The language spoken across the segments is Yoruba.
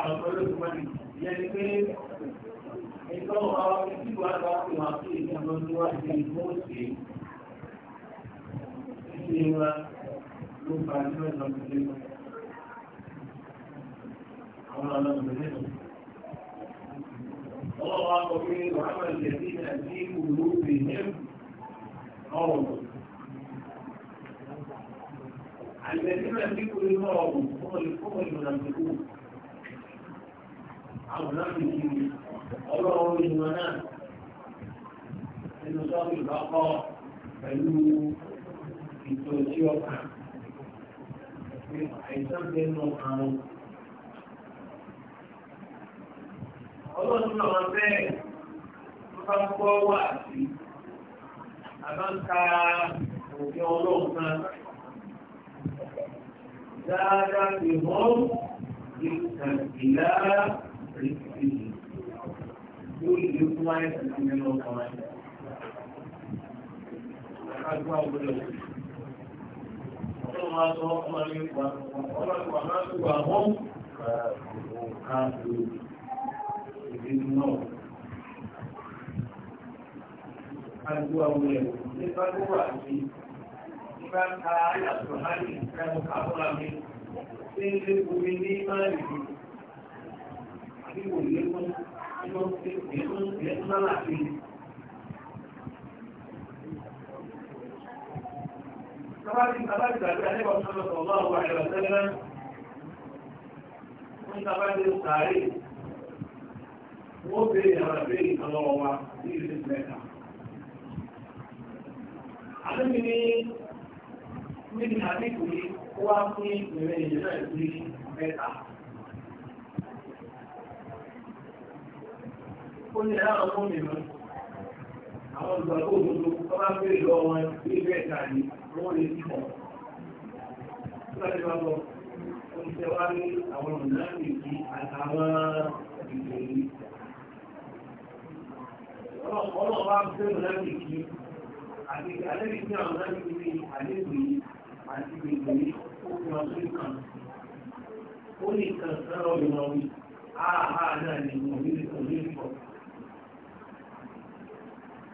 àwọn olóògùn mọ́ni ìyẹn ni pé ẹjọ́ àwọn ìdíbò àgbà fi wà sí ìjọ lọ síwájú ìgbóhùnsè ṣíṣe wa ló fa ní ọ̀nà ìdílé àwọn ọ̀nà ìdílé ọlọ́wọ́ akọ pé wàhálà ìjẹ̀bí àti ìwúlò bèèrè ọ̀rọ̀ الذين يملكون المرض هم المنافقون àwọn náà fi kí ọlọ́run ìwọ̀n náà nínú sọ́ọ̀tì lọ́kọ́ pẹ̀lú ìtòjú ọkàn àìsàn tẹnu ọkàn ọlọ́run náà bẹ́ẹ̀ tó bá gbọ́ wà sí àbáńká òfin ọlọ́run kan dáadáa fi hàn ìtàn ìlà rìsíkì yóò lè fún wáyé tuntun nínú ọkàn wa. Àgbà òbúdọ̀ ọlọ́run máa sọ ọmọ ní ọlọ́run máa ń wà wọ́n káàkiri ìdíjú náà. Àgbà òbúdọ̀ nípa tó wà sí nípa ká àyàtọ̀ láti ìfẹ́ mọ́ káàkiri mi. Ṣé ilé kúmi ní máa rìsíkì? tí kò wọn tí wọ́n ti lè tún lọ́la Sábàbí sábàbí tàbí àlẹ́kọ̀ọ́ sọ́dọ̀ sọ̀rọ̀ àwọn àìlọ́ sẹ́lẹ̀ wọ́n sábàbí sàárè wọ́n bèèrè àwọn àbẹ́rẹ́ ìtọ́lọ́wọ́ wa ní ìlú mẹ́ta. Àlẹ́mi ní níbi àdínkù yìí, ó wá fún ìrìn ìrìn náà sí mẹ́ta. ó ní àwọn ọmọ mi mọ́ àwọn ìgbàgbọ́ òdodo wọ́n bá gbé ìlọ wọn bí ìgbẹ́ ìta ni wọ́n lè fi mọ̀ nígbàdí wọn lọ wọ́n ti wá ní àwọn ìlànà ìdí àtàwọn ìgbèrè ọlọ́run wá gbé ìlànà ìdí àti àlẹ́bí tí àwọn ìlànà ìdí àlébì àti ìgbèrè ó fi wọn sí kan ó ní kan sẹ́rọ̀ ìmọ̀ wí náà ni òní ìfọ̀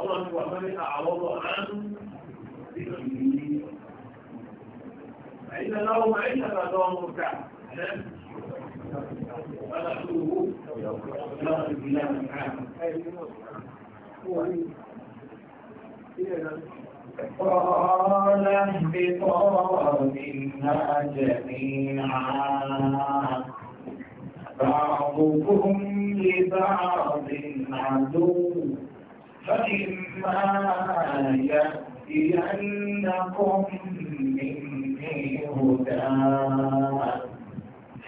ọlọ́ni wà mẹ́rin àwọ́rọ̀ àádùn قال اهبطا منها جميعا لَنَّكُمْ مِنِّي هُدًى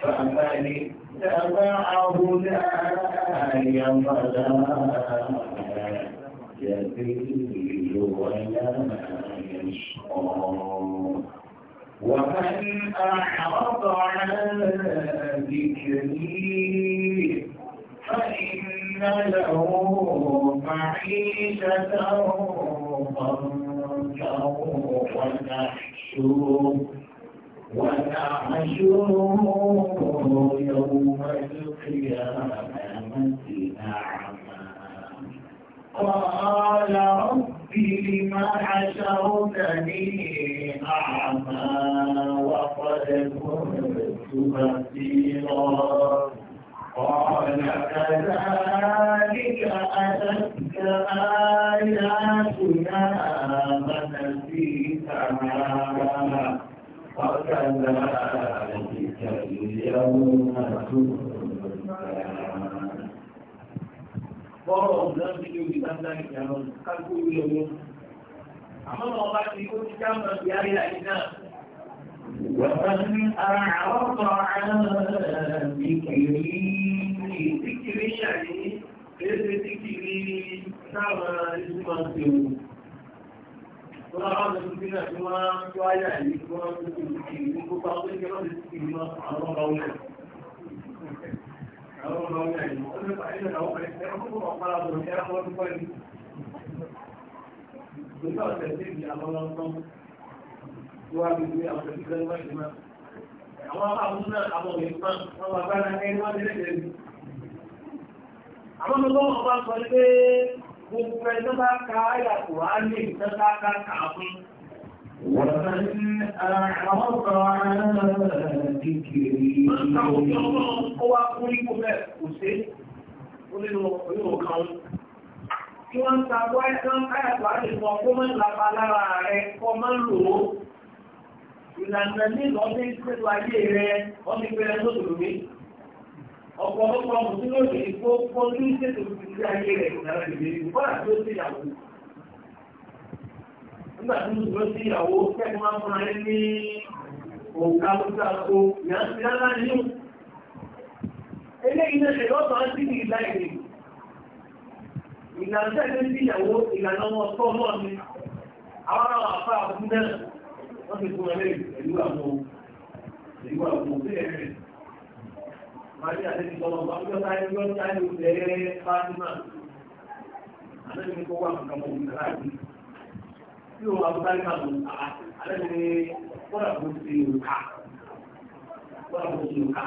فَمَنِ اتَّبَعَ هُدَايَ فَلَا يَذِلُّ وَلَا يَشْقَى ومن أعرض عن ذكري فإن له معيشة ضنكا ونحشره ونحشره يوم القيامة أعمى قال رب لم حشرتني أعمى وقد كنت بصيرا قال كذلك tó. Bọ́ọ̀rọ̀ ọ̀dọ́ ti ní omi dáadáa ní ìyàwó kálukú ìwé ọ̀yọ́. Àmọ́ wọn ti kó ti dáhùn ọ̀dí ayé àyè náà. وَأَنْ أَعْرَضَ عَنْ ذِكْرِي ذِكْرِي يعني ẹ̀rẹ́ tí kì í sáàmà ìsúnmà tí ó tó láwọn ọmọ ìlú náà tí wọ́n tó ayà yìí tí wọ́n tó kì í kó bá ó ní kí wọ́n ti kì í mọ́ àwọn ọmọ ọmọ Àwọn aláàbùn náà àwọn òyìnbá wọn wà bá náà ẹni wọ́n lè lè rí. Àwọn ọmọ ọba sọ pé gbogbo ẹjọ́ bá ká àyàkùn á lè tẹ́lá ó wá kú ní kó bẹ́ẹ̀ kò sí onínú kan kí wọ́n ta wáyán káyàtọ̀ á lè mọ kó mọ́ ìlàpá lára rẹ kọ́ mọ́ lò ó ìlànà nílò ọdún ìṣẹ́lú ayé rẹ ọdún ìpẹrẹ lóṣùlùmí ọ̀pọ̀lọpọ̀ ọmọdé lónìí tó kọjú ìṣètò ìṣẹ́lú ayé rẹ ìlànà ìbèrè ìbára tí ó sí ìyàwó nígbà tí ó sí ìyàwó kẹ́kọ̀ọ́ máa ń fún ayé ní òǹkà lóṣàkó ìyànjú ilé iná ṣe lọ́sàn án sí ìlà ìrìn ìlànà tẹ́lẹ̀ sí ìyàwó ìlànà wọn tọ́ mọ́ ni àwọn àwọn àfá àbúkú náà wọ́n ti fún ẹlẹ́ ìlú àwọn ìlú ẹ̀rẹ́ máa àwọn àtẹ́lẹ̀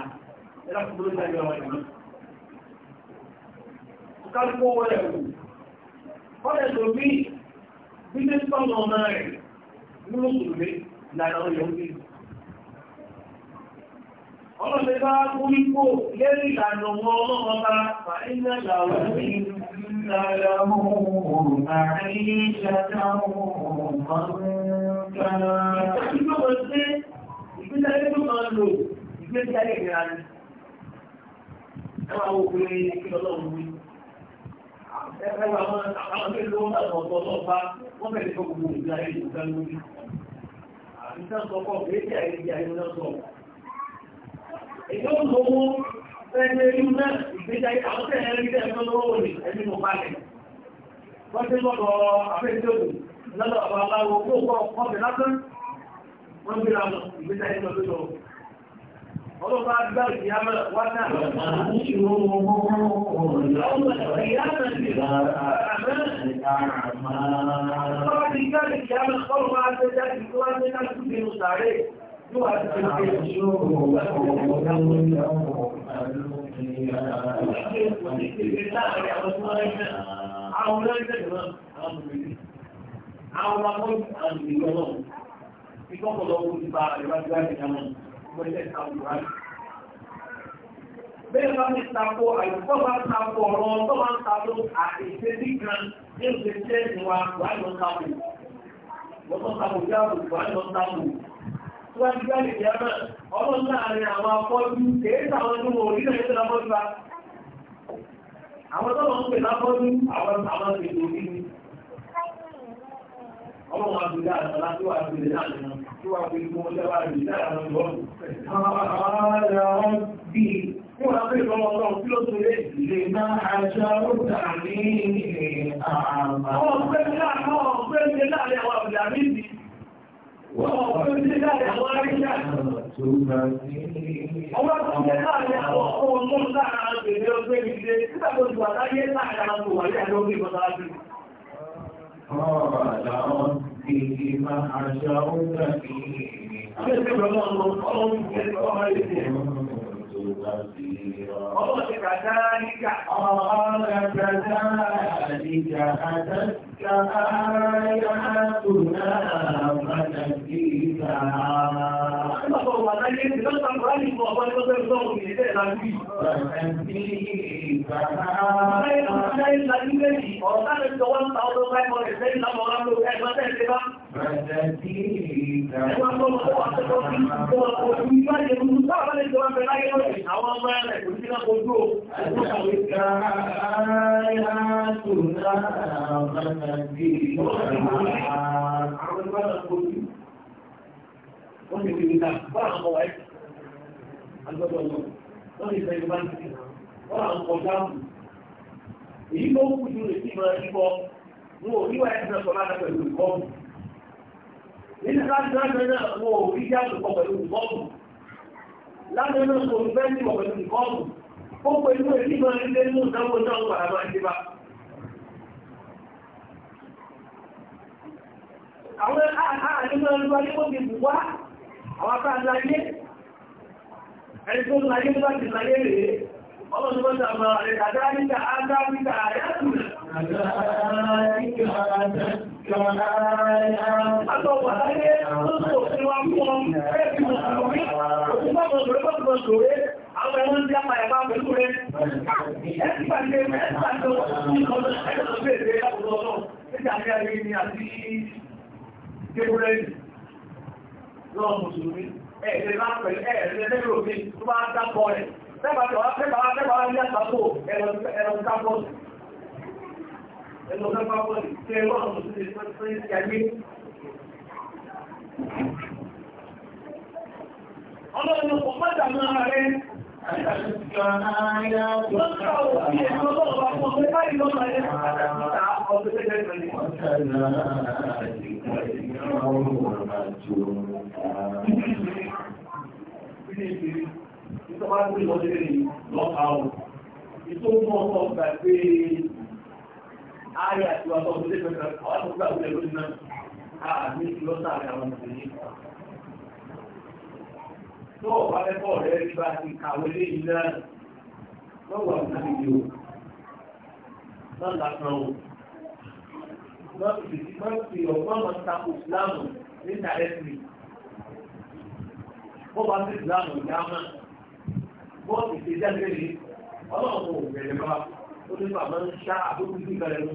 ní Ọlọ́pẹ́ bá kúrí kó lérí ìlànà wọn ọlọ́pọ̀ bá fà iná ìyàwó ní ìlànà ohun àìyíṣẹ́ta ohun kan kan. Ìgbésí ayé tó máa lò, ìgbésí ayé ìrìnàjò. ẹwà obìnrin kí ọlọ́run wí. ẹwà àwọn ọmọdé ló ń bá ọ̀tọ̀ ọlọ́pàá wọ́n bẹ̀rẹ̀ fún gbogbo ìgbà ẹ̀yìn ìgbà lórí. àbíkà sọkọ̀ méjì àìyí ayé náà sọ. èyí ó lọ mú ẹgbẹ́ inú àwọn tẹ̀lé rí ẹgbẹ́ lọ́wọ́ ní ẹni ọlọ́pàá agbá ìyámẹ́ wátà ìṣòro ọmọ ọmọ ìyámẹ́ ti rárá àmẹ́ ìyámẹ́ ọlọ́pàá ti gbá ìyámẹ́ ọlọ́pàá agbẹ́já ìgbọ́wájẹ́ láti gbé ìrùsàrẹ́ yóò wá ti ṣe ìṣòro ọmọ ọmọ Àwọn ọmọ ọmọ ìgbọ́nà, ìgbọ́kọ̀lọ́wọ́ ti bá ìwájú láti jámọ́ mọ́lẹ̀ Bẹ́ẹ̀ bá ní tako àìsíkọ́ bá tako ọ̀rọ̀ tó bá ń tako àìsí kan ní oṣù tẹ́ ìwà wàlọ́ tako. Lọ́tọ́ tako jáàbù wàlọ́ tako. Tí wọ́n ti gbá lè jẹ́ náà, ọlọ́run láàrin àwọn afọ́jú kèé táwọn tó wọ orílẹ̀ èdè lábọ́jú wa. Àwọn tó ọrụ àbúdá àtàlá tó wà gbèrè láàrin tó wà gbèrè mọ́ ọjọ́wà rí láàrin ọlọ́run. Ààrẹ ọ̀bí tí wọ́n pè lọ́wọ́ ọlọ́run tí ló tó lé lè máa àjọ òkà ní àmà. Ọ̀pẹ́ láàrin àwọn àbúdá méjì. Wọ́n pè láàrin àwọn àríṣà. Ọwọ́ tó lé láàrin àwọn ọmọ ọmọ láàrin àgbèrè ọgbẹ́ قال ربي فحشرتني قال كذلك أتتك كآياتنا فتكيفا Àwọn ọmọ ẹ̀rẹ̀ wọ́n èyí ló kú ju èyí máa ń bọ́ wọn ò sọ láti pẹ̀lú ìkọ́mù nínú láti láti náà wọn ò rí jáde pẹ̀lú ìkọ́mù láti náà kò ní fẹ́ sí pẹ̀lú ìkọ́mù ó pẹ̀lú èyí máa ń lé ìdánwò náà wà á àwọn àdúgbò ọlọ́gbà ní wọ́n ti bù wá àwọn apá àláyé ẹni tó ń láyé bá ti láyé rèé ọmọ tó bọ́ta ọmọ rẹ̀ àdáríkà àdáríkà àyàtùrẹ̀ Àtọ̀wà láyé tó sọ sí wa fún ọmọ ẹgbẹ̀rẹ̀ bí mo sọ rí, òkú a tó ń Gabriel lọ́wọ́ Mùsùlùmí, ẹ̀ẹ́dẹ̀ lápẹ̀ ẹ̀ẹ́dẹ̀ lẹ́gbẹ̀rẹ̀ òfin tó bá dápọ̀ ẹ̀. Tẹ́bàtẹ̀wà Ìjọba ààrẹ àti ọ̀pọ̀ ọ̀pọ̀ ọ̀pọ̀ ọ̀pọ̀ ọ̀pọ̀ ọ̀pọ̀ ọ̀pọ̀ ọ̀pọ̀ ọ̀pọ̀ ọ̀pọ̀ ọ̀pọ̀ ọ̀pọ̀ ọ̀pọ̀ ọ̀pọ̀ ọ̀pọ̀ tó ọ̀pá lẹ́kọ̀ọ́ rẹ̀ rí bá ti kàwé lé iná lọ́wọ́ àgbàlejò lọ́la kan o. Lọ́sì lọ́sì ọ̀gbọ́n máa ń takò ìsìláàmù ní dàrẹ́tìrì. Bó bá ti ìsìláàmù ìyá máa, bọ́ọ̀sì ti jáde rí, ọlọ́run kò bẹ̀rẹ̀ bá, ó ní bàbá ń ṣá àbókù sí ìbẹ̀rẹ̀ lọ.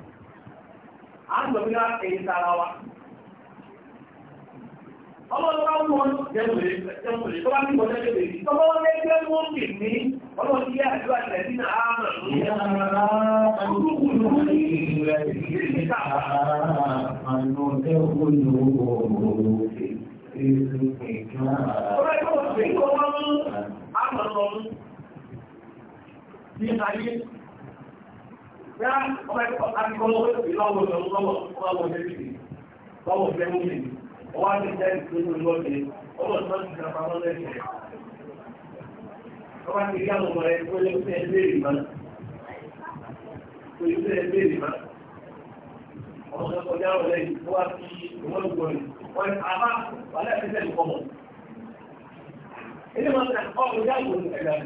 à ń lọ wa. Bẹ́ẹ̀ ọmọ ẹ̀kọ́ akẹ́kọ̀ọ́ lọ́wọ́ lọ́wọ́ lọ́wọ́ lẹ́bìí, lọ́wọ́ lẹ́bìí, ọwọ́ àti ìjẹ́ ìpínlẹ̀ lọ́dẹ, ọwọ́ ìtọ́jú ìjọba lọ́lẹ́sẹ̀. Ọba ti yá lọ́wọ́ ẹ̀ pé lẹ́sẹ̀ léèrè máa. Pé lẹ́sẹ̀ léèrè máa. Ọ̀sẹ̀ kọjá ọ̀lẹ́ ìfowópamọ́ àti ìwọ́lùgbọ̀n. Wọ́n ti àbá wà láti sẹ́yìn kọ́mọ̀. Ilé wọn ti àkọ́kọ́ ọ̀gbọ̀n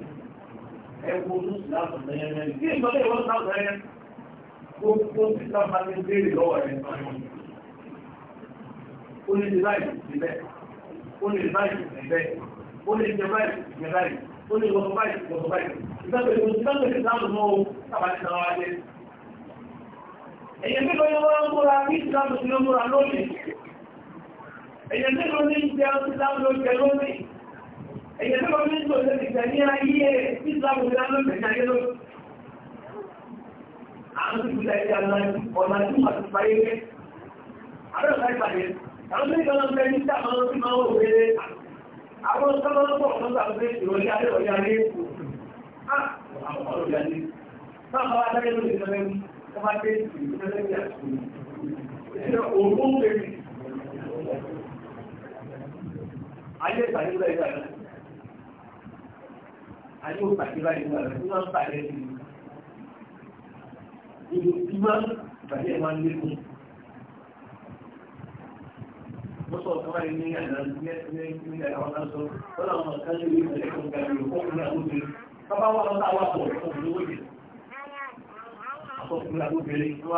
ẹ̀kọ́ ni ìjẹun sí láti jẹ lónìí? ẹ̀yẹ ayé ìsìláàmù ní ẹ̀yà rẹ̀ àti àwọn kan Àwọn eléyìí wọ́n á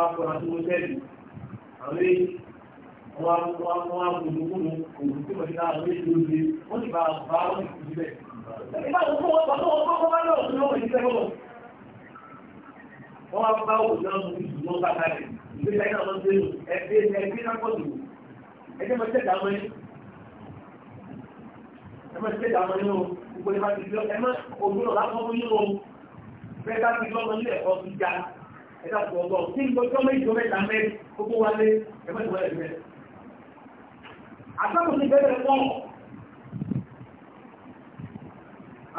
wọ́n á wọ́n ní ìlú ìlú. Wọ́n ti bá a bá a Wọ́n bá òjò náà ní ìlú ló bá kalẹ̀. Ìgbésẹ̀ náà wọ́n ń gbèrò ẹgbẹ́ ẹgbẹ́ náà pọ̀ jù. Ẹgbẹ́ máa tẹ̀lé àwọn ẹni. Ẹ máa tẹ̀lé àwọn ẹni o. Gbogbo ẹ ti fi ẹ máa òjò náà fún yín Bẹ́ẹ̀ bá ti lọ́mọ nílẹ̀ ẹ̀kọ́ ti já. Ẹ dà pọ̀ Kí ni ọjọ́ méjì mẹ́ta mẹ́rin gbogbo wa lé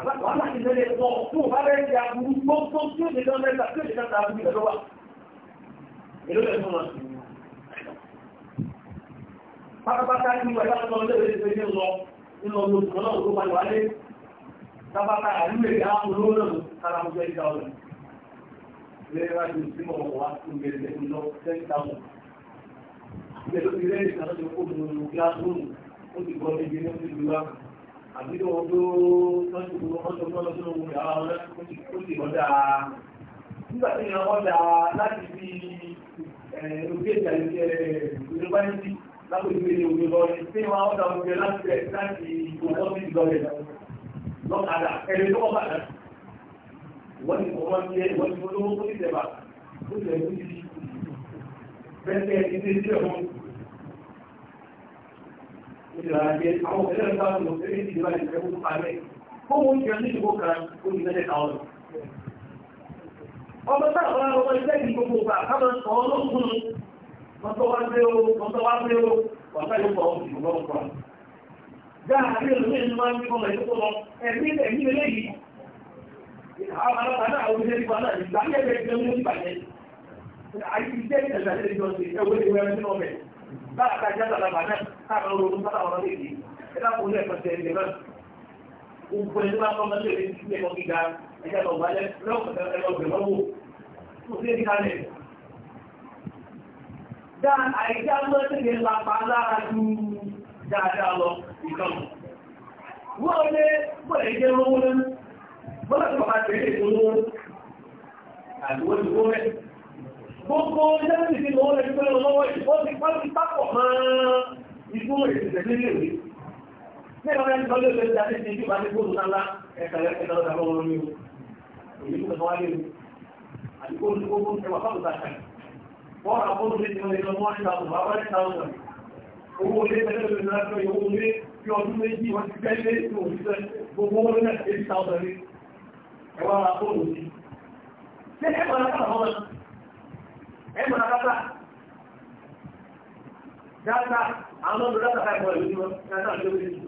Wàhálà ìlẹ́lẹ̀ ẹ̀kọ́ fún òbárẹ́ ìyá burú gbogbo tí ó lè lọ mẹ́ta tí ó lè dáta burú ìlẹ́lọ́ wà. Èló lẹ́ fún wọn. Pátápátá ní ìwà ìlànà ọmọdé rẹ̀ ti fẹ́ lọ nínú ọdún òṣùwọ́n náà ló wáyé wálé. Tábátá àdúgbò ìyá olówó náà ló kára mú ẹ̀dá ọ̀rẹ́. Ìrẹ́ra ju ìsímọ̀ ọkọ̀ wá sí ìgbẹ̀rẹ̀ lọ ten thousand. Ìgbẹ̀rẹ̀ ló ti rẹ́ àbílò odó tọ́jú ọjọ́gbọ́lọ́dún ohun ìyàwó ọlọ́dún kó sì ọjà nígbà tí ìyàn ọjà láti fi ojú ìjà ìjẹ ìjọbáyìí lápòjúwé ní omi lọ ní tí wọ́n ọjà oúnjẹ láti rẹ̀ láti ìgbòmọ́ sí ìlọrẹ̀ lọ́kadà ẹni tó wọ́n bàdà wọ́n ti fọwọ́ sí ẹ wọ́n ti fọwọ́ sí ìjẹba ó sì rẹ̀ ìrìnàjẹ́ àwọn òṣèlú ìgbà tó ṣe ní ìdíwà ìfẹ́kù parẹ́ fóòmù ìjọ ní ìgbò kan ó ní mẹ́lẹ̀ káwọn ọmọ táwọn ọmọ ẹgbẹ́ ìgbò gbogbo àkámọ́ sọ ọlọ́kùn mọ́tọ́wá pé ó mọ́tọ́wá pé ó wàtá yóò pọ̀ ìgbò lọ́kọ̀ gáàrí olùmí ìlú máa ń bí ọmọ ìlú lọ ẹ̀mí ẹ̀mí eléyìí àwọn alábàdà àwọn ilé ìgbà náà ìgbà yẹn bẹ̀rẹ̀ ìgbà yẹn àìsí jẹ́ ìtẹ̀sà lára ká jẹ́ àgbàlagbà náà káàkiri olóògùn bá àwọn ọmọdé yìí ẹ̀dá kò ní ẹ̀kọ́ tẹ̀ ẹ̀dẹ̀ náà gbogbo ẹni tó bá tọ́mọ ní ẹ̀dẹ̀ ní ẹ̀kọ́ gíga ẹ̀dá lọ wà lẹ́ Dáa àìjá mọ́tẹ́lẹ̀ lápá lára ju dáadáa lọ ìkànnì. Wọ́n lé bọ́ọ̀lẹ̀ jẹ́ lówó lẹ́nu, bọ́ọ̀lẹ̀ tó bàbá tẹ̀lé ìṣòro àdúgbò ìgbó rẹ̀ gbogbo jẹ́sì sí lọ́wọ́ lẹ́gbẹ́ lọ́wọ́ ìfọ́ ti pàtàkì pápọ̀ máa ikú ìsìnkú ilé ìwé ní ọ̀rẹ́ ìtọ́lẹ̀ ìwé ìjà sí ìjú bá ní gbóòdù náà ẹ̀kẹ̀lẹ̀ ẹ̀kẹ̀lẹ̀ ọ̀rọ̀ ní o èyí tó tọ́wá lé o àdìgbò ní gbogbo ẹwà fáwọn ìtàkà wọ́n rà fóònù ní ìwé ìlọ mọ́ nípa ọ̀rọ̀ àwọn ẹ̀ta ọ̀rọ̀ owó ilé tẹ́lẹ̀ ìwé ìlọ ìwé owó ilé bí ọdún méjì wọ́n ti fẹ́ lé ìwé òṣìṣẹ́ gbogbo owó náà ti ta ọ̀rọ̀ ní ẹwà rà fóònù sí. Ṣé ẹ ẹgbẹ̀rún àkátà dáadáa àwọn ọmọdé dáadáa ká ẹ̀kọ́ ìlú wọn dáadáa ló lè jù.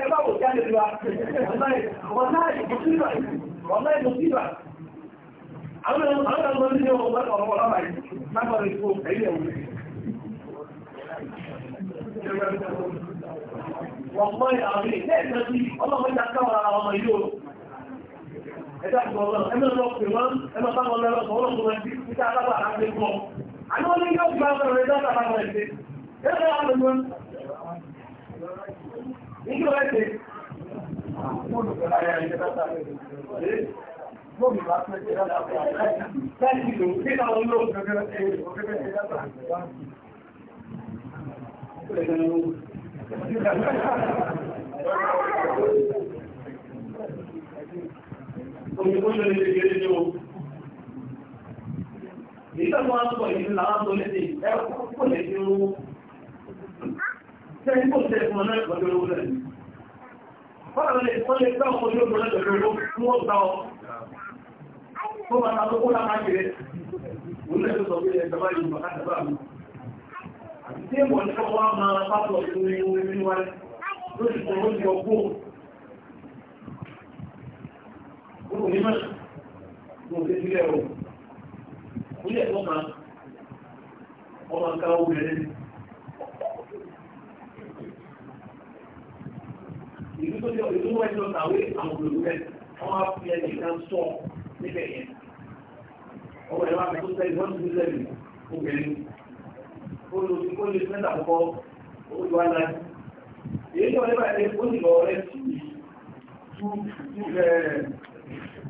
ẹ bá wò sí àlejò wa ọ̀nà ìmùsíbà ọ̀nà ìmùsíbà àwọn ọmọ ní ọmọ ọmọ ọlọ́mà yìí lápá rẹ̀ fún ẹ̀yẹ òun. Wọ́n mọ́ ìyàwó ilé ẹ̀sẹ̀ sí ọlọ́mọ ìjà káwọn ọmọ ìlú ẹ̀dá ìgbọ̀nà ẹ̀mẹ́ lọ pè wọ́n ẹ̀mẹ́ bá wọn lọ́rọ̀ ọ̀rọ̀ ọ̀rọ̀ ẹ̀dí títà alábà àgbẹ̀ gbọ́. àwọn ní yóò gba ọ̀rọ̀ ẹ̀dá àbá wọn ẹ̀dẹ́ ẹ̀dá àwọn ọmọ nígbà wọn ẹ̀dẹ́ Thank you òṣèkóṣe lè kékeré ní o tó lè dé ẹ̀kọ́ kò lè dé owó tẹ́yìn kò tẹ́ fún ọ̀nà ìpàdé owó rẹ̀ fọ́nà lè fọ́n lè gbá ọmọ ojú ọmọ lẹ́gbẹ̀rẹ̀ owó fún ó gbá ọ tó bá ta lókó lápá kéré òun lẹ́gbẹ̀ẹ́ sọ pé ẹgbẹ̀rẹ̀ báyìí bàkà tẹ́bà mi àti tí èèmọ̀ ní Gbogbo ní mọ̀, mo ti sílẹ̀ o. Ilé ẹ̀kọ́ máa, ọmọ ká obìnrin. Ìlú tó jọ ìlú wọ́n jọ tàwé àwọn olùdókòwò rẹ̀, wọ́n á fi ẹni kan sọ níbẹ̀ yẹn. Ọwọ́ ẹ̀rọ àti tó sẹ́yìn wọ́n ti sẹ́yìn obìnrin. Olùdókòwò lè fẹ́ dàpọ̀ olùwà náà. Èyí tó ẹ bá ẹ ó sì lọ rẹ̀ tù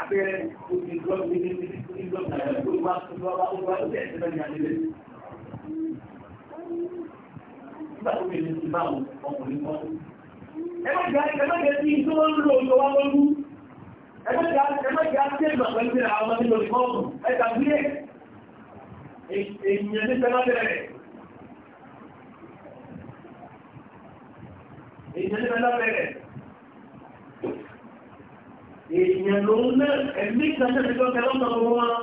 abẹ́rẹ́ ìgbọ́nmi ní ìgbọ́nmi tó wá tó wá ó wá ó bẹ̀rẹ̀ síbẹ̀ ní alẹ́ nígbà tó bẹ̀rẹ̀ sí bá wọn ọkùnrin wọn. ẹgbẹ́jà ẹgbẹ́jà tí tó ń lò lọ wá lọ́lú ẹgbẹ́jà ẹgbẹ́jà tí èèmọ̀ pẹ̀lú àwọn ọmọdé lórí bọ́ọ̀lù ẹgbà bí ẹ̀ èèyàn ní sẹ́lá bẹ̀rẹ̀ èèyàn ní sẹ́lá bẹ̀rẹ̀ èèyàn ló ń lẹ́ ẹ̀mí kan tẹ́lẹ̀ tó tẹ́lẹ̀ tọ́lọ́ wọn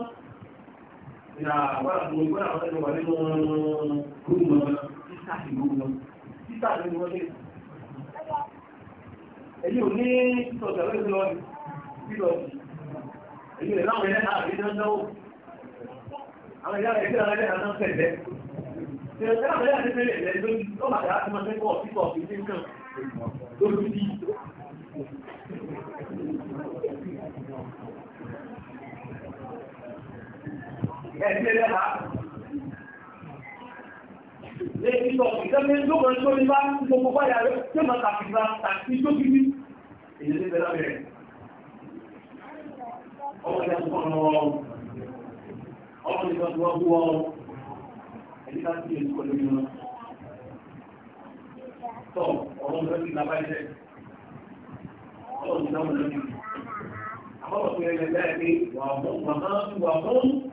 ìyá wà fún ìgbà àwọn ẹni wà nínú gbogbo wọn títà sí gbogbo wọn títà sí wọn lé èyí ò ní sọ̀tẹ̀ lórí lọ ní bílọ̀ èyí rẹ̀ láwọn ẹ̀dá àbí dáńdáwò àwọn ìyá rẹ̀ síra lẹ́dẹ̀ àná fẹ̀lẹ̀ tẹ̀lẹ̀ láwọn ẹ̀dá àti fẹ̀lẹ̀ lẹ́dẹ̀ lórí ó bàtà àti máa fẹ́ kọ́ ọ̀fíìsì ọ̀fíìsì nǹkan lórí ẹ̀sìn ẹlẹ́ha. Èyí sọ ìjọba ló mọ̀ tó ní bá gbogbo báyà rẹ̀ tí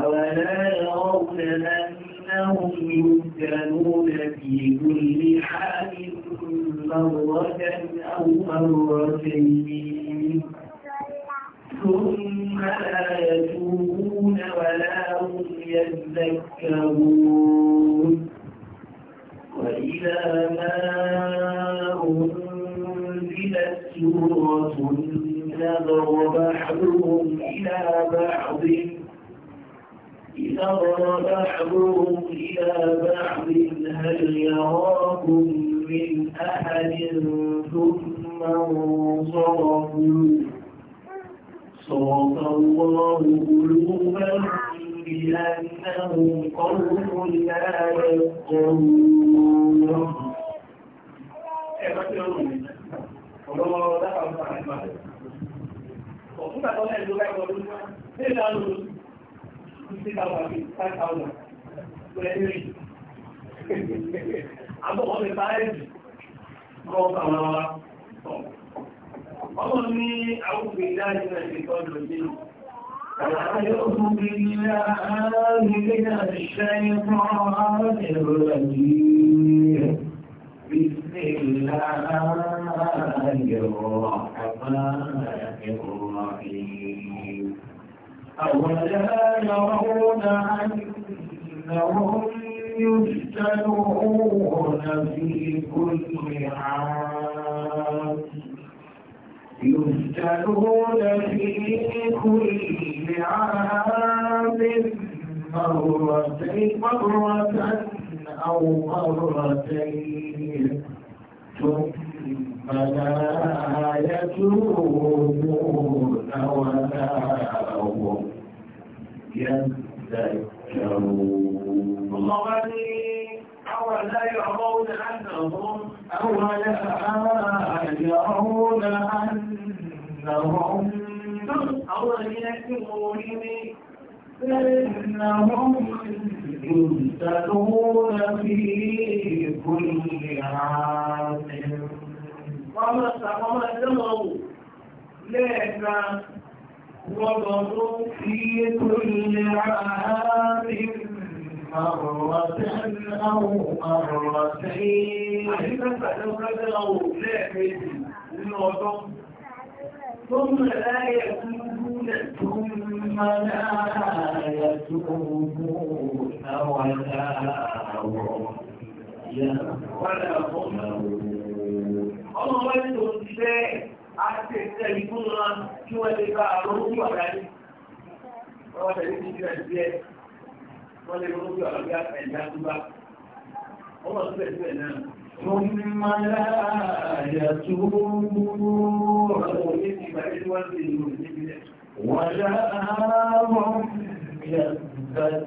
أولا يرون أنهم يمكنون في كل حال مرة أو مرتين ثم لا يتوبون ولا هم يذكرون وإذا ما أنزلت سورة نظر بعضهم إلى بعض إذا بعضهم إلى بعض هل يراكم من أحد ثم انصرفوا صرف الله قلوبهم بأنهم قوم لا يفقهون Ọ̀rọ̀ ọ̀dá àwọn àìmáà. Ọ̀túnbà tó lẹ́nu lẹ́gbọ́n ló ń wá. Ní ìlànà 50,000, 5,000. ọmọ ìbáyẹ̀dì kọ́ àwọn ọmọ ọmọ ní àwọn ìdájú rẹ̀ ti tọ́jú أولا يرون أنهم يفتنون في كل عام يفتنون في كل عام مرتين مرة أو مرتين ثم فلا يتوبون ولا هم يذكرون الله أولا يرون أنهم أولا يرون أنهم أولا يكفرون فإنهم يبتلون في كل عام wọ́n máa sàkọ́ máa dẹ́mọ̀ wò lẹ́ẹ̀ka lọ́dọọdún sí ètò ìlera àárín àrọ̀wàtẹ́ni àwọn àrọ̀wàtẹ́yìn. Àyíká ọmọ wọn ní òun ti fẹ́ àti ìṣẹ́ ìfún wọn kí wọ́n lè bá àwọn ojú ọ̀rá ní. wọ́n tẹ̀lé ti jẹ́ ìṣẹ́ wọ́n lè ronú bí ọ̀rọ̀ bí ẹ̀dá tó bá. wọ́n mọ̀ síbẹ̀ síbẹ̀ náà. ثم لا يتوبون ولا هم يذكرون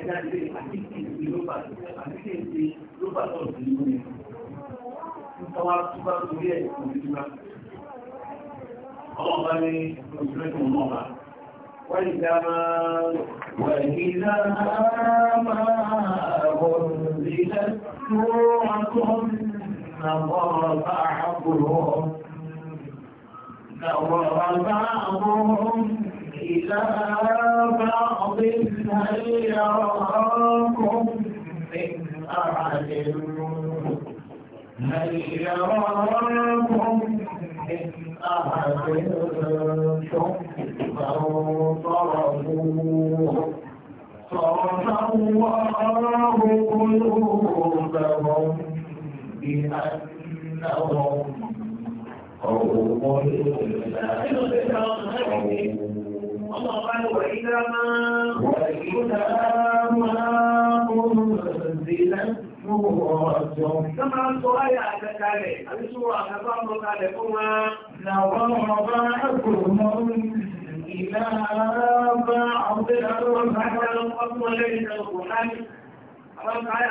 ẹ̀dá ti lè àti kí ìlú ló bá àti kí èdè ló bá lọ sí ìlú rẹ̀. Nítorí wá túbá lórí ẹ̀ kò ní túbá. Ọlọ́ba ní òṣìṣẹ́ tó mọ̀ bá. Wọ́n ti dá máa wẹ̀ kí dáa máa wọ̀ sílẹ̀ tó wà tó nàbọ̀ bá àbúrò. Nàbọ̀ bá àbúrò. إلى بعض هل يراكم من أحد هل يراكم من أحد ثم انصرفوا الله قلوبهم بأنهم قوم لا يفقهون ọlọ́ọ̀bá ní wà ìdá máa wà ìdá máa kó sílẹ̀ fún ọjọ́. Ṣé máa ń sọ ayé àtẹ́kalẹ̀ àti ṣúwọ́ àtẹ́kọ́ àmọ́kalẹ̀ fún wa? Làwọn ọba ẹ̀kọ́ mọ́ ìlà bá ọdẹ́ àwọn ọ̀gá ọmọ lẹ́yìn ọkùnrin. Àwọn káyà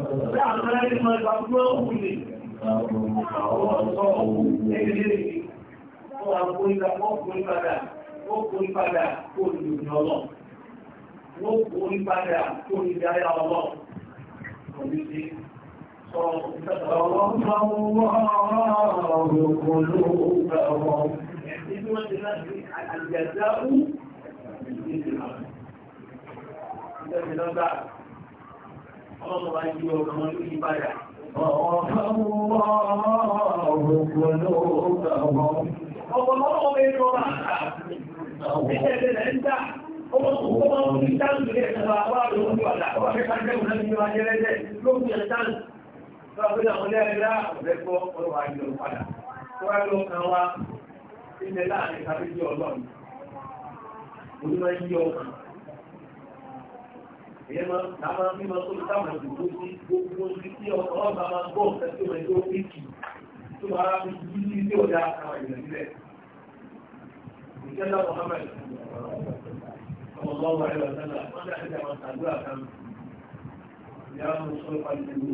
Wọ́n kò ní padà kó ní ìdáyà ọlọ́. Ọdí sí, sọ ìtàtà ọlọ́pàá wọ́n rọrùn kò lóògbà ọmọ. Ẹ̀sí tí wọ́n ti láti àjẹ̀dá ó, ìdí ìdí ọlọ́pàá ju ọkàn wọn lórí padà. Ọ̀pọ̀lọpọ̀ ẹ̀rọ àkà ìṣẹ̀lẹ̀ ń dà. Ọmọ òfin dáhùn ilé ìjọba wà lóhun padà. Ọmọ akẹ́kọ̀ọ́ jẹ́kùn náà ní wájú ẹlẹ́dẹ̀ lóhun ìjọba dáhùn. Lọ́pọ̀ ìjọba ọlẹ́ ẹ̀rá ọ̀rẹ́gbọ́ ọlọ́wà ìjọ padà. Wọ́n lọ kan wá ilẹ̀ láàrin tàbí ọlọ́run. Olúwa yí ọkàn ìyẹn máa ń máa ń bímọ tó táwọn ìdìbò sí gbogbo sí tí ọkọ̀ ọba máa gbọ́ ọ̀fẹ́ tó rẹ̀ tó rí kì tó máa rà fi yí ní ilé ọ̀dà àwọn ìrìn sílẹ̀. ìjẹ́lá Muhammad ọmọ ọmọ ọmọ ẹ̀rọ sẹ́lá wọ́n dá ẹ̀jẹ̀ àwọn sàdúrà kan ìyá mú sọ́ọ́ pálíjìlú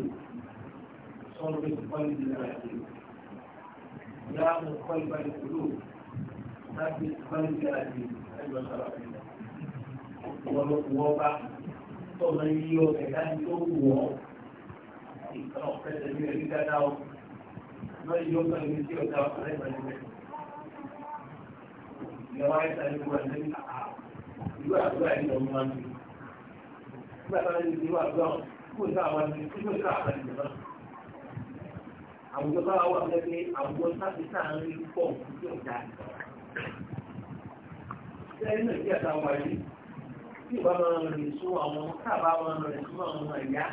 sọ́ọ́ pé pálíjìlú àti ìyá mú pálí pálíjìlú láti pálíjìlú àti ẹ̀jọ̀ sàrà tó lọ yí ọ ẹ̀dá tó wù ọ́ ìtàn ọ̀pẹ̀lẹ̀ ní ẹ̀rí dáadáa ọ lọ́ọ́ yí ọkọ̀ ìwé tí ọ̀dà ọ̀pẹ̀lẹ̀ ìbàdìbẹ̀. ìyàwó ayẹta ní gbogbo ẹ̀dá ní ìlú àdúrà yìí lọ́ọ́ máa ń bí. nígbà tó ń bí ìlú àdúrà kúrò sí àwọn ẹni tí kúrò sí àwọn ẹni náà. àwùjọ bá wà lẹ́gbẹ́ àwùjọ sáfìsà ń rí pọ̀ ní ọ̀dà. sẹ́yìn náà tí ìbá máa rìn sún àwọn káàbá máa rìn sún àwọn àyà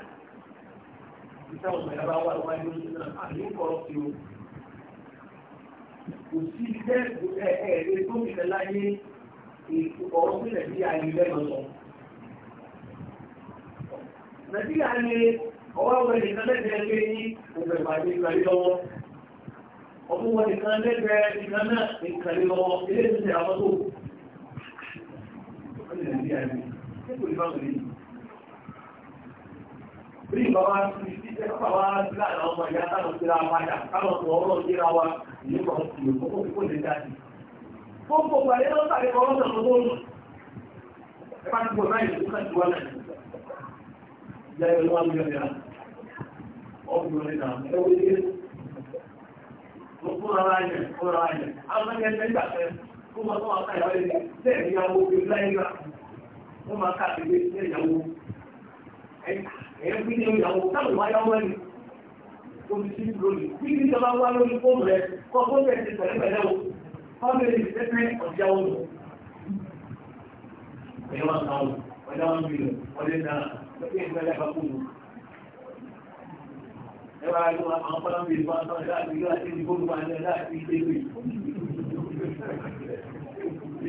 ìta ọ̀nà ìyábá wà wáyé oṣù náà àbí kọ̀rọ̀ sí o. Kò sí iṣẹ́ ẹ̀ẹ́dẹ́ gómìnà láyé ọ̀rọ̀ sí Nàìjíríà ní lẹ́nu sọ. Nàìjíríà ní ọwọ́ wọn nìkan lẹ́gbẹ̀ẹ́ pé ní òfin ìpàdé ìkàlẹ́ lọ́wọ́. Ọdún wọn nìkan lẹ́gbẹ̀ẹ́ ìkànnà ìkàlẹ́ lọ́wọ́ ilé ìtúsẹ̀ àwọn tó ìrìnlẹ̀ nàìjíríà ní kò ní bá wọlé yìí bí ìbọn wá sí sí ẹ̀kọ́ wá sí láàrín ọmọ ìyá táwọn síra padà káwọn tó ọlọ́ síra wa ìlú kan sì lè kókó kókó lè jáde gbogbo pàdé lọ sàlẹ̀ kọ́ lọ́sàn tó tó lù ẹ bá ti bọ̀ náà ìlú kan ti wá náà ìyá ìlú wa ń yọ ìyá ọkùnrin rẹ̀ náà ẹ wọlé gbogbo ara yẹn fúnra yẹn àwọn ẹgbẹ́ ìgbà fẹ́ kó máa tó máa ìyàwó ẹ̀ka bẹ́ẹ̀ níyàwó obìnrin láyé rà wọ́n máa ká àgbègbè sí ìyàwó ẹ̀yẹ́ fi ní ìyàwó táwọn wáyá wọ́n ni omi sí lónìí bí ní ìjọba wá lórí fóònù rẹ kọ́ fóònù ẹ̀ ti pẹ̀lú pẹ̀lú o fámìlì ìfẹ́fẹ́ ọ̀já wọn lọ. ẹ̀yẹ́ wọn náà ọ̀já wọn bí lọ ọdẹ náà lọ́kẹ́ ìgbẹ́lẹ́ bá kú lọ. ẹ wá lọ àwọn fọlọ́mì ìfọ̀n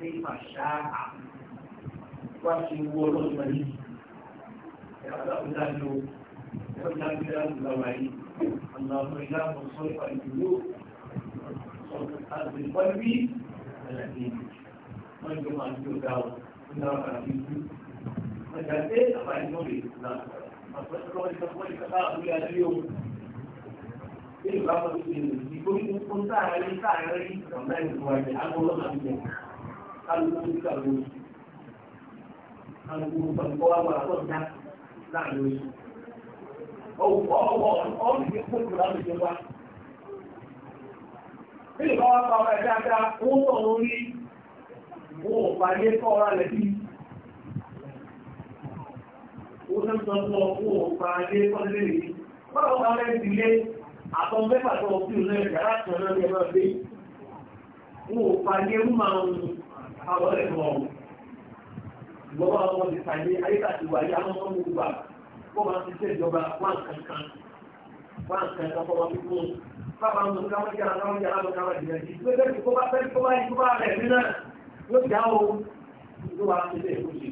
sí màṣá wá sí owó ọlọ́dún ayé ìyàwó ìdájọ́ ìyàwó ìdájọ́ ìdájọ́ ayé ọ̀nàmọ̀ ìdájọ́ sọ́yà ìdúró àti ìpọ́nbí àlàyé wọ́n jọ máa ń tó ga ọ nígbà wọn àti ìlú ọjà pé àbáyé náà lè nà àpẹẹrẹ wọn ìjọba wọn ìjọba àbúlé adé o bí ìbámu ti lè ní gbogbo nǹkan tá a rí tá a rí ọ̀nà ìfọwọ́jẹ agbọ́dọ̀ àti ìjọba kálukú kàlù kálukú pẹ̀lú àwọn àtọ́jà láàrin oṣù. Ọ̀wọ̀ ọ̀rùn kó kù láti ṣe wá. Bí ìbá wá pa ọmọ ẹ̀ dáadáa, ó ń tọ̀ lórí wọn ò pa ilé kọ́ ọ̀rá lẹ́bí. Ó ń sọ sọ wọn ò pa ilé kọ́ lẹ́bí. Báwo ká lẹ́yìn ti lé àtọ́ mẹ́fà tó ń fi ìlú ẹ̀ yàrá kan náà ní ẹ̀rọ gbé. Wọn ò pa ilé ń máa ń àwọn ọ̀rẹ́ mọ̀ ọ́ ìjọba wọn ti fàyè ayéka ti wà yá wọn mú wa kó máa ti ṣe ìjọba wá nǹkankan wá nǹkankan kó máa fi kún un báwa ń lọ káwọn yàrá káwọn yàrá lọ káwọn jìnnà jì pé bẹ́ẹ̀ kó bá fẹ́ kó bá yí kó bá rẹ̀ mí náà ló o ló wà á ṣe bẹ́ẹ̀ kó ṣe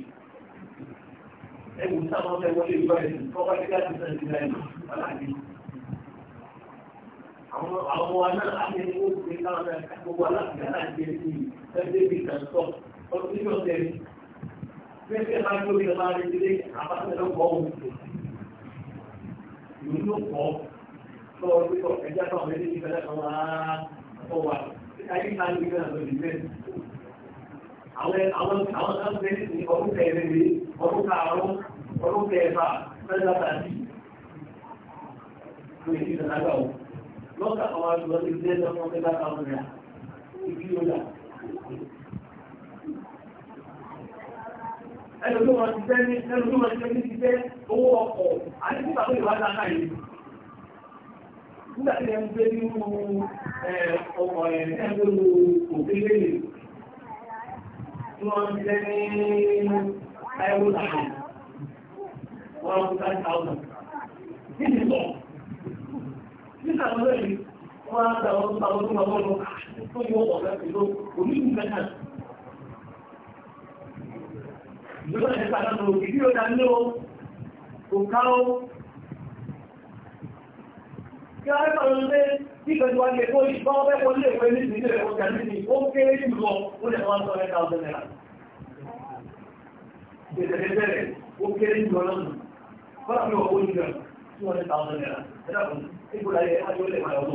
ẹ̀wù sáwọn ọmọ ẹ̀wọ́ lè gbọ́ ẹ̀ àwọn àwọn wa náà láti ní ó ti káwọn náà gbogbo aláàbí aláàbí ẹbí ẹgbẹ́ bíi kan sọ ọdún yóò tẹ̀lé bí ẹgbẹ́ máa ń lórí ọba rẹ̀ sílé àbáṣẹ́ ló kọ́ òun tó ìlú ló kọ́ lọ́wọ́ pípọ̀ ẹjẹ́ àtàwọn ẹgbẹ́ ní ìfẹ́lẹ́ kan wá ọ wà ayé máa ń gbé náà lórí bẹ́ẹ̀. àwọn àwọn àwọn kan fẹ́ ní ọdún kẹrẹ́lẹ́ ọdún karùn-ún ọdún kẹfà fẹ́ẹ́ lọ́sà àwọn àjùlọ ilé ẹjọ́ fún àwọn ọmọ ibi yóò dà. ti fẹ́ ní ẹnu ti fẹ́ ní ti fẹ́ owó ọkọ̀ àti nígbà tó ìwà dáná ọdún ọlọ́run tó yọ ọ̀rẹ́ pẹ̀lú onígbẹ̀ náà. Ìjọba ẹ̀ka náà lò kìí ó dá ní o, kò ká o. Kí a rẹ́pà lọ pé bí ìgbẹ̀lú wa lè kó ìgbà ọbẹ̀ kó lè pẹ́ nítorí ilé ẹ̀kọ́ jà níbi ó kéré jù lọ ó lè wá sọ ẹ̀ka ọ̀sẹ̀ náírà. Ìgbẹ̀lẹ̀ bẹ̀rẹ̀ ó kéré jù lọ lọ́nà. Kọ́lá mi ò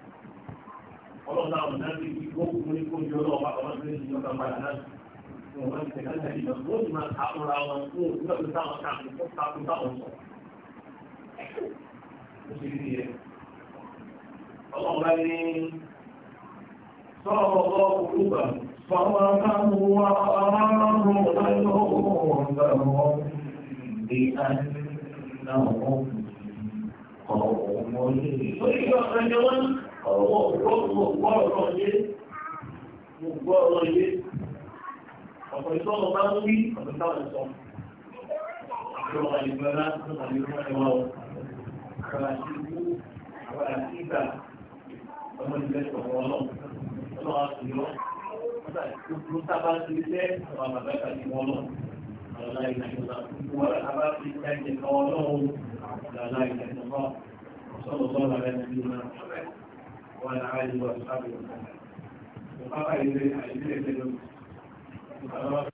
ọlọ́run àwọn náà ti fi kó kún ní kójú ọlọ́run àwọn ọmọdé ní ìjọba padà náà wọn máa ń tẹ̀lé ẹ̀ka ìjọba wọn sì máa takora wọn fún òkúta tó táwọn káàkiri tó takun táwọn sọ. ó ṣe ní ìyẹn ọlọ́run bá ní sọ́ọ̀ ọ̀gọ́ òkúta fọwọ́ káwọn wá ọlọ́run lọ́wọ́ ọ̀gbọ̀n bí a náà wọ́n kọ̀ ọ̀gbọ̀n yìí ọ̀rọ̀ ọ̀rọ̀ yé mo gbọ́ ọ̀rọ̀ yé ọ̀pọ̀ ìtọ́nà bá ń wí ọ̀pọ̀ táwọn sọ ìjọba ìgbẹ́ra tó tàbí ọmọ ẹwà ọ̀ àgbàrá sí ikú àgbàrá sí ìgbà ọmọ ìgbẹ́ sọ̀rọ̀ ọlọ́run ọlọ́run àtúnyọ́ nígbà tó tó sábà ti fẹ́ àwọn bàbá ìtàgé wọn lọ àwọn láì náà yóò láti wọ́n rà bá fi ẹ̀jẹ̀ kan ọlọ́run àwọn láì náà yóò lọ وعلى آله وأصحابه وسلم وقال إليه